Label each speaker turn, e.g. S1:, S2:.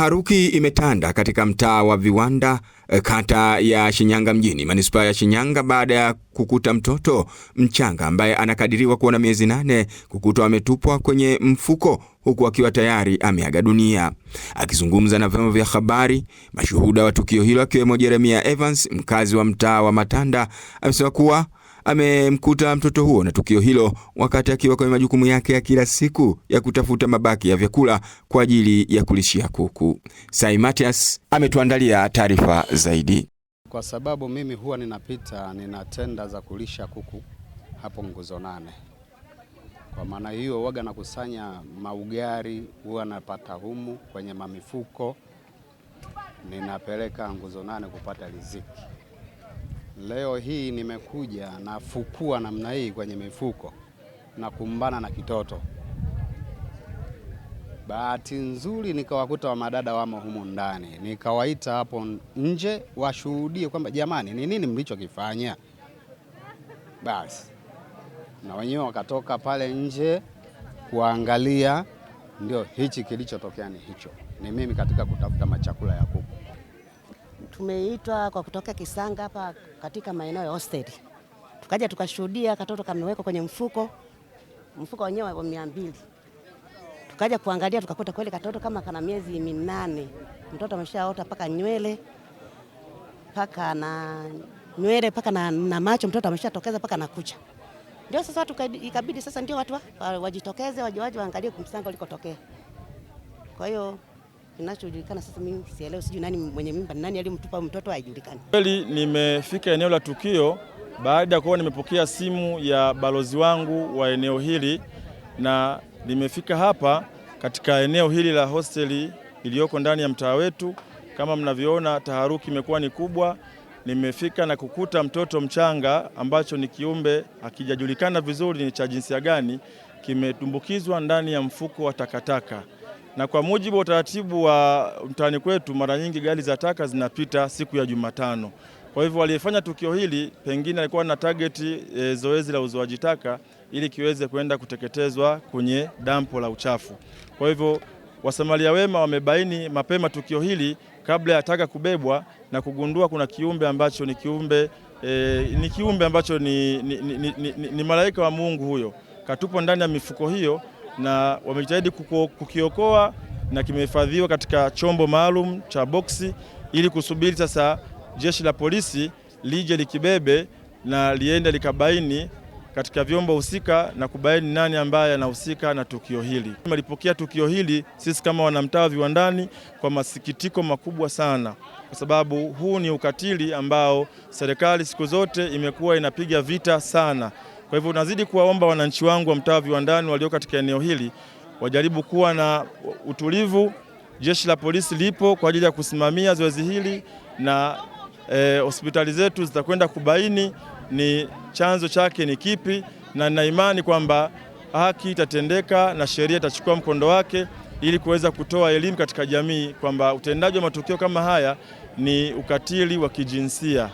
S1: Taharuki imetanda katika mtaa wa Viwanda, eh, kata ya Shinyanga mjini, manispaa ya Shinyanga baada ya kukuta mtoto mchanga ambaye anakadiriwa kuwa na miezi nane kukutwa ametupwa kwenye mfuko huku akiwa tayari ameaga dunia. Akizungumza na vyombo vya habari, mashuhuda wa tukio hilo akiwemo Jeremia Evans, mkazi wa mtaa wa Matanda, amesema kuwa amemkuta mtoto huo na tukio hilo wakati akiwa kwenye majukumu yake ya kila siku ya kutafuta mabaki ya vyakula kwa ajili ya kulishia kuku. Sai Matias ametuandalia taarifa zaidi.
S2: Kwa sababu mimi huwa ninapita nina tenda za kulisha kuku hapo nguzo nane. Kwa maana hiyo, waga nakusanya maugari, huwa napata humu kwenye mamifuko, ninapeleka nguzo nane kupata riziki. Leo hii nimekuja nafukua namna hii kwenye mifuko na kumbana na kitoto. Bahati nzuri nikawakuta wamadada wamo humu ndani, nikawaita hapo nje washuhudie kwamba jamani, ni nini mlichokifanya. Basi na wenyewe wakatoka pale nje kuangalia, ndio hichi kilichotokea ni hicho, ni mimi katika kutafuta machakula ya kuku
S3: tumeitwa kwa kutoka Kisanga hapa katika maeneo ya hosteli, tukaja tukashuhudia katoto kamewekwa kwenye mfuko, mfuko wenyewe wa mia mbili. Tukaja kuangalia tukakuta kweli katoto kama kana miezi minane, mtoto ameshaota paka nywele paka na nywele paka na, na macho mtoto ameshatokeza paka na kucha. Ndio sasa watu ikabidi sasa ndio watu wajitokeze wajiwaje waangalie kumsanga ulikotokea, kwa hiyo Kinachojulikana sasa mimi sielewi, sijui nani mwenye mimba, nani alimtupa mtoto haijulikani.
S4: Kweli nimefika eneo la tukio baada ya kuwa nimepokea simu ya balozi wangu wa eneo hili, na nimefika hapa katika eneo hili la hosteli iliyoko ndani ya mtaa wetu. Kama mnavyoona, taharuki imekuwa ni kubwa. Nimefika na kukuta mtoto mchanga ambacho ni kiumbe hakijajulikana vizuri ni cha jinsia gani, kimetumbukizwa ndani ya mfuko wa takataka na kwa mujibu wa utaratibu wa mtaani kwetu, mara nyingi gari za taka zinapita siku ya Jumatano. Kwa hivyo waliyefanya tukio hili pengine alikuwa na tageti e, zoezi la uzoaji taka ili kiweze kwenda kuteketezwa kwenye dampo la uchafu. Kwa hivyo wasamaria wema wamebaini mapema tukio hili kabla ya taka kubebwa na kugundua kuna kiumbe ambacho ni kiumbe e, ni kiumbe ambacho ni, ni, ni, ni, ni, ni malaika wa Mungu huyo katupo ndani ya mifuko hiyo na wamejitahidi kukiokoa na kimehifadhiwa katika chombo maalum cha boksi ili kusubiri sasa jeshi la polisi lije likibebe na liende likabaini katika vyombo husika na kubaini nani ambaye anahusika na tukio hili. Tumelipokea tukio hili sisi kama wanamtaa viwandani kwa masikitiko makubwa sana, kwa sababu huu ni ukatili ambao serikali siku zote imekuwa inapiga vita sana. Kwa hivyo nazidi kuwaomba wananchi wangu wa mtaa wa Viwandani walio katika eneo hili wajaribu kuwa na utulivu. Jeshi la polisi lipo kwa ajili ya kusimamia zoezi hili na eh, hospitali zetu zitakwenda kubaini ni chanzo chake ni kipi, na nina imani kwamba haki itatendeka na sheria itachukua mkondo wake ili kuweza kutoa elimu katika jamii kwamba utendaji wa matukio kama haya ni ukatili wa kijinsia.